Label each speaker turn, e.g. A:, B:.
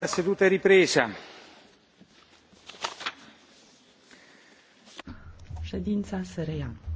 A: La seduta è ripresa.
B: Ședința se reia.